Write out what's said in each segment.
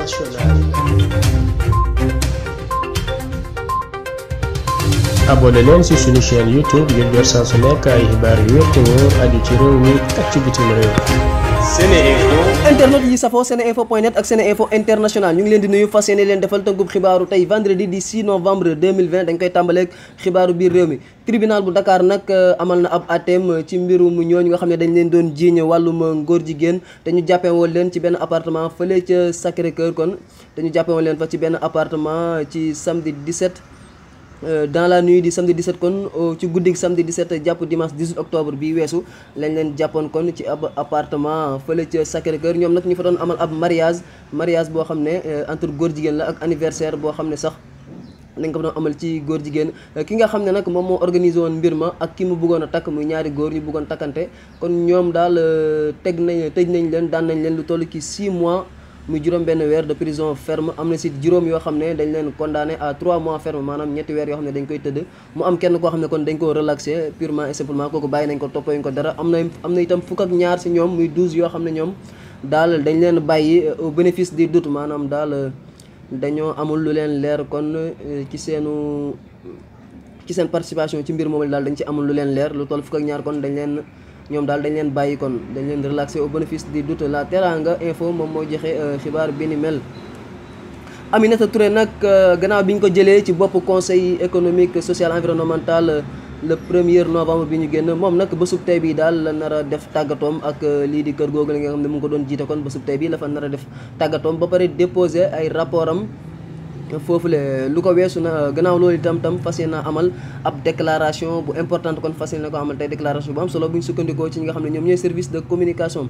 internationale. abonné leen ci suñu chaîne YouTube ngir jot saa su nekk ay yu wér te wóor aju ci réew mi ak réew. SeneInfo internet yi safoo SeneInfo point net ak SeneInfo international ñu ngi leen di nuyu fas yéene leen defal tënkub xibaaru tey vendredi di 6 novembre dañ koy tàmbaleeg xibaaru biir réew mi tribunal bu Dakar nag euh, amal na ab atem euh, ci mbirum ñooñu nga xam ne dañ leen doon jiiñ wàllum euh, ngóor jigéen te ñu jàppee leen ci benn apartement fële ca Sacré Cœur kon te ñu jàppee leen fa ci benn appartement ci samedi 17 Euh, dans la di du di 17 kon euh, ci guddig samedi 17 jàpp dimanche 18 octobre bi weesu lañ leen jàppoon kon ci ab appartement fële ca sacré ñoom nag ñu fa doon amal ab mariage mariage boo xam ne euh, entre góor jigéen la ak anniversaire boo xam ne sax nañ ko doon amal ci góor jigéen ki nga xam ne nag moom moo organisé woon mbir ma ak ki mu bëggoon a takk muy ñaari góor ñu bëggoon takkante kon ñoom daal teg nañ tëj nañ leen daan nañ leen lu toll ci 6 mois muy juróom benn weer de prison ferme am na si juróom yoo xam ne dañ leen condamné à 3 mois ferme maanaam ñetti weer yoo xam ne dañ koy tëdd mu am kenn koo xam ne kon dañ koo relaxé purement et kooku bàyyi nañ ko toppayuñ ko dara am na am na itam fukk ak ñaar si ñoom muy 12 yoo xam ne ñoom daal dañ leen bàyyi euh, au bénéfice du doute maanaam daal euh, dañoo amul lu leen leer kon euh, ci seenu ci seen participation ci mbir moomu daal dañ ci amul lu leen leer lu toll fukk ñaar kon dañ leen ñoom daal dañ leen bàyyi kon dañ leen relaxé au bénéfice du doute la teranga info moom moo joxe euh, xibaar bi ni mel. Aminata Touré nag euh, gannaaw bi ñu ko jëlee ci bopp conseil économique social environnemental. Euh, le premier novembre bi ñu génn moom nag bésub tey bii daal la nar def tàggatoom ak lii di kër googu la nga xam ne mu ngi ko doon jiite kon bésub tey bii la fa nar a def tàggatoom ba pare déposé ay rapport am foofu le lu ko weesu na gannaaw loolu itam tam fas yéene amal ab déclaration bu importante kon fas yéene ko amal tey déclaration bu am solo bu ñu sukkandikoo ci ñi nga xam ne ñoom ñooy service de communication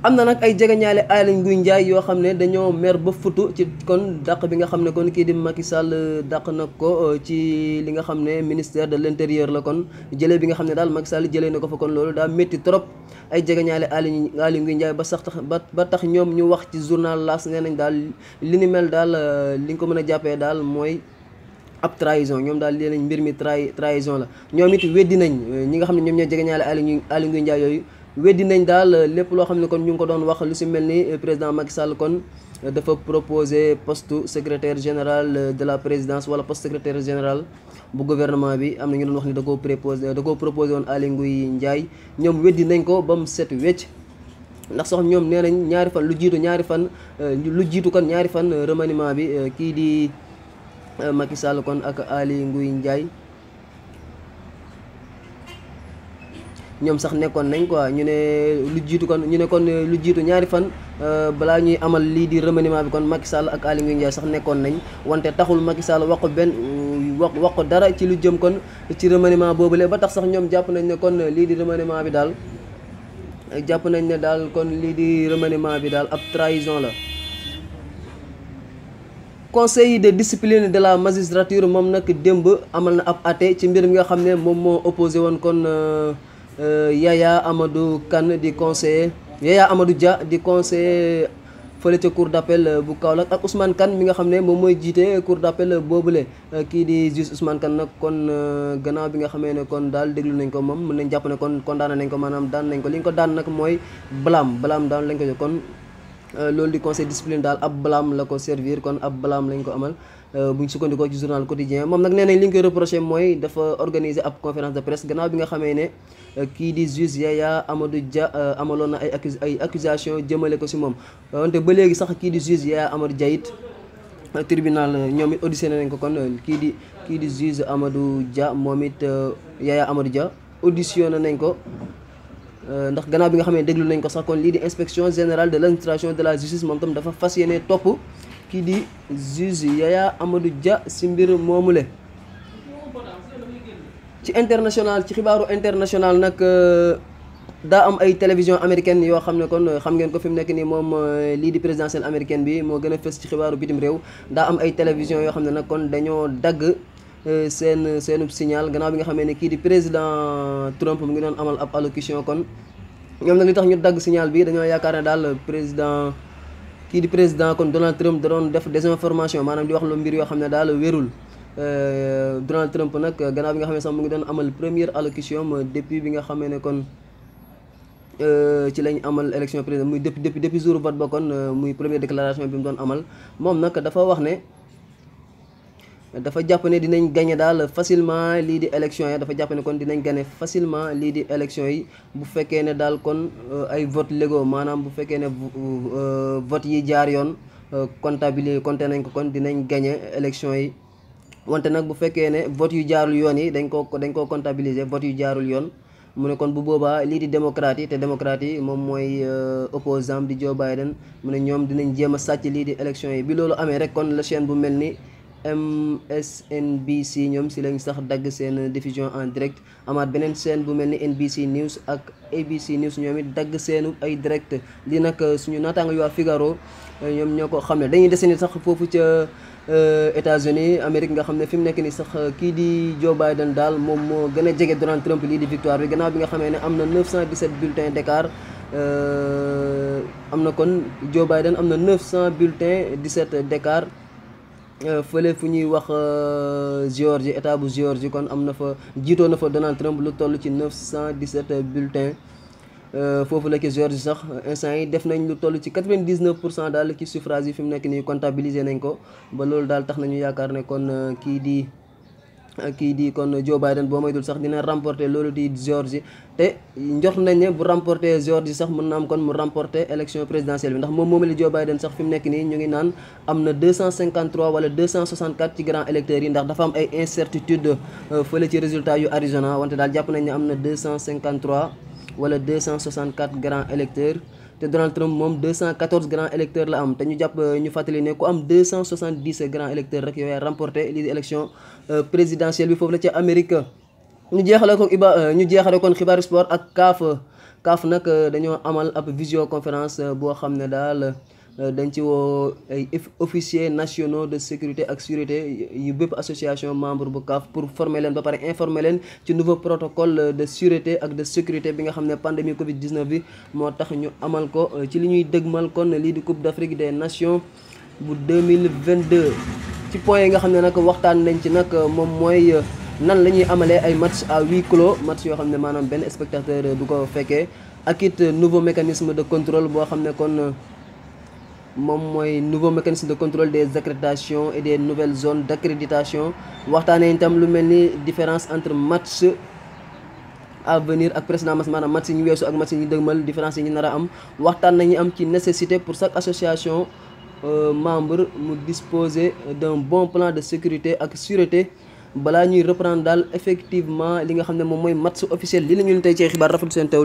am na nag ay jegeñaale Aly Ngouille njaay yoo xam ne dañoo mer ba futu ci kon dàq bi nga xam ne kon kii di Macky Sall euh, dàq nag ko euh, ci li nga xam ne ministère de l'intérieur la kon jële bi nga xam ne daal Macky Sall jëlee na ko fa kon loolu daa métti trop ay jegeñaale Aly Aly Ngouille Ndiaye ba sax tax ba ba tax ñoom ñu wax ci journal L'As nee nañ daal li ni mel daal euh, li nga ko mën a jàppee daal mooy ab trahison ñoom daal leenañ mbir mi trahi trahison la ñoom it weddi nañ ñi nga xam ne ñoom ñoo jegeñaale Aly Aly Ngouille Ndiaye yooyu weddi nañ daal lépp loo xam ne kon ñu ngi ko doon wax lu si mel ni président Macky Sall kon dafa proposé poste secrétaire général de la présidence wala poste secrétaire général bu gouvernement bi am na ñu doon wax ni da koo proposé da koo proposé woon Aly Ngouille Ndiaye ñoom weddi nañ ko ba mu set wecc ndax sax ñoom nee nañ ñaari fan lu jiitu ñaari fan euh, lu jiitu kon ñaari fan euh, remaniement bi euh, kii di Macky Sall kon ak Aly Ngouille Ndiaye ñoom sax nekkoon nañ quoi ñu ne lu jiitu kon ñu ne kon lu jiitu ñaari fan euh, balaa ñuy amal lii di remaniement bi kon Macky Sall ak Aly Ngouille sax nekkoon nañ wante taxul Macky Sall wax ko benn euh, wax wax ko dara ci lu jëm kon ci boobu boobule ba tax sax ñoom jàpp nañ ne kon lii di remaniement bi daal jàpp nañ ne daal kon lii di remaniement bi daal ab trahison la. conseil de discipline de la magistrature moom nag démb amal na ab ate ci mbir mi nga xam ne moom moo opposé woon kon. Euh, Euh, yaaya Amadou Kane di conseiller Yaya amadu ja di conseiller fële ca cour d'appel euh, bu Kaolack ak Ousmane Kane mi nga xam ne moom mooy jiite cour d'appel boobu le euh, kii di juge Ousmane Kane nag kon gannaaw bi nga xamee ne kon daal déglu nañ ko moom mën nañ jàpp ne kon kon nañ ko maanaam daan nañ ko li ñu ko daan nag mooy balaam balaam daan lañ ko jox kon Euh, loolu di conseil discipline daal ab blâme la ko servir kon ab blâme lañ ko amal euh, buñ sukkandikoo ci journal quotidien moom nag nee nañ li ñu koy reproché mooy dafa organiser ab conférence de presse gannaaw bi nga xamee ne euh, kii di juge Yaya Amadou Dia amaloon na ay accus ay accusation jëmale ko si moom wante ba léegi sax kii di juge Yaya Amadou Dia it tribunal ñoom it auditionné nañ ko kon kii di kii di juge Amadou Dia moom it Yaya Amadou Dia auditionné nañ ko Euh, ndax gannaaw bi nga xamee ne déglu nañ ko sax kon lii di inspection générale de l' administration de la justice moom tam dafa fas yéene topp kii di juge Yaya amadu ja si mbir moomule ci international ci xibaaru international nag euh, daa am ay télévision américaine yoo xam ne kon euh, xam ngeen ko fi mu nekk nii moom lii di présidentielle américaine bi moo gën a fës ci xibaaru bitim réew daa am ay télévision yoo xam ne nag kon dañoo dagg Euh, seen euh, seenub signal gannaaw bi nga xamee ne kii di président Trump mu ngi doon amal ab allocution kon ñoom nag li tax ñu dagg signal bi dañoo yaakaar ne daal président kii di président kon Donald Trump da doon def désinformation maanaam di wax lu mbir yoo xam ne daal wérul euh, Donald Trump nag gannaaw bi nga xam ne sax mu ngi doon amal première allocution depuis bi nga xamee ne kon ci lañ amal élection président muy depuis depuis depuis jour vote ba kon muy première déclaration bi mu doon amal moom nag dafa wax ne dafa jàpp ne dinañ gagné daal facilement lii di élection yi dafa jàppane kon dinañ gagné facilement lii di élection yi bu fekkee ne daal kon euh, ay vote légaux maanaam bu fekkee ne euh, vote yi jaar yoon euh, comptabiliser compté nañ ko kon dinañ gagné élection yi wante nag bu fekkee ne vote yu jaarul yoon yi dañ koo dañ koo comptabiliser vote yu jaarul yoon mu ne kon bu boobaa lii di démocrate yi te démocrate yi moom mooy opposant di Joe Biden mu ne ñoom dinañ jéem a sàcc lii di élection yi bi loolu amee rek kon la chaîne bu mel nii MSNBC ñoom si lañ sax dagg seen diffusion en direct amaat beneen seen bu mel ni NBC News ak ABC News ñoom it dagg seenu ay direct li nag euh, suñu naataango yu waa Figaro euh, ñoom ñoo ko xam ne dañuy ni sax foofu ca euh, États-Unis Amérique nga xam ne fi mu nekk ni sax kii di Joe Biden daal moom moo gën a jege Donald Trump lii di victoire bi gannaaw bi nga xamee ne am na 917 bulletins d'écart am na kon Joe Biden am na 900 bulletins 17 d'écart Euh, fële fu ñuy wax euh, Géorgie état bu Géorgie kon am na fa jiitoo na fa Donald Trump lu toll ci 917 bulletins euh, foofu la ki Géorgie sax instant yi def nañ lu toll ci 99 pour cent daal ci suffrage yi fi mu nekk nii comptabilisé nañ ko ba loolu daal tax nañu yaakaar ne kon kii di. kii di kon Joe Biden boo moytul sax dina remporter loolu di Georgie te njort nañ ne bu remporter Georgie sax mën na am kon mu remporter élection présidentielle bi ndax moom moomali Joe Biden sax fi mu nekk nii ñu ngi naan am na 253 wala 264 ci grand électeurs yi ndax dafa am ay incertitude euh, fële ci résultat yu Arizona wante daal jàpp nañ ne am na 253 wala 264 grand électeurs te Donald Trump moom 214 grands électeurs la am te ñu jàpp euh, ñu fàttali ne ku am 270 grands électeurs rek yooyu remporté lii di élection euh, présidentielle bi foofu la ca Amérique. ñu jeexale ko Iba euh, ñu jeexale kon xibaaru sport ak CAF CAF nag dañoo amal ab visioconférence boo xam ne daal. Euh, dañ ci woo ay officiers nationaux de sécurité ak sûreté yu bépp association membre bu CAF pour former leen ba pare informer leen ci nouveau protocole de sûreté ak de sécurité bi nga xam ne pandémie Covid 19 bi moo tax ñu amal ko euh, ci li ñuy dëgmal kon lii di Coupe d'Afrique des nation bu 2022. ci point yi nga xam ne nag waxtaan nañ ci nag euh, moom mooy nan la ñuy amalee ay match à huis clos match yoo xam ne maanaam benn spectateur du ko fekkee ak it nouveau mécanisme de contrôle boo xam ne kon. moom mooy nouveau mécanisme de contrôle des accréditations et des nouvelles zones d' waxtaan waxtaanee itam lu mel ni différence entre match à venir ak précédent match maanaam match yi ñu weesu ak match yi ñu dëgmal différence yi ñu nar am waxtaan nañu am ci nécessité pour chaque association euh, membre mu disposer d'un bon plan de sécurité ak sûreté balaa ñuy reprendre daal effectivement li nga xam ne moom mooy match officiel li la ñu leen tey ci xibaar rafetlu seen teew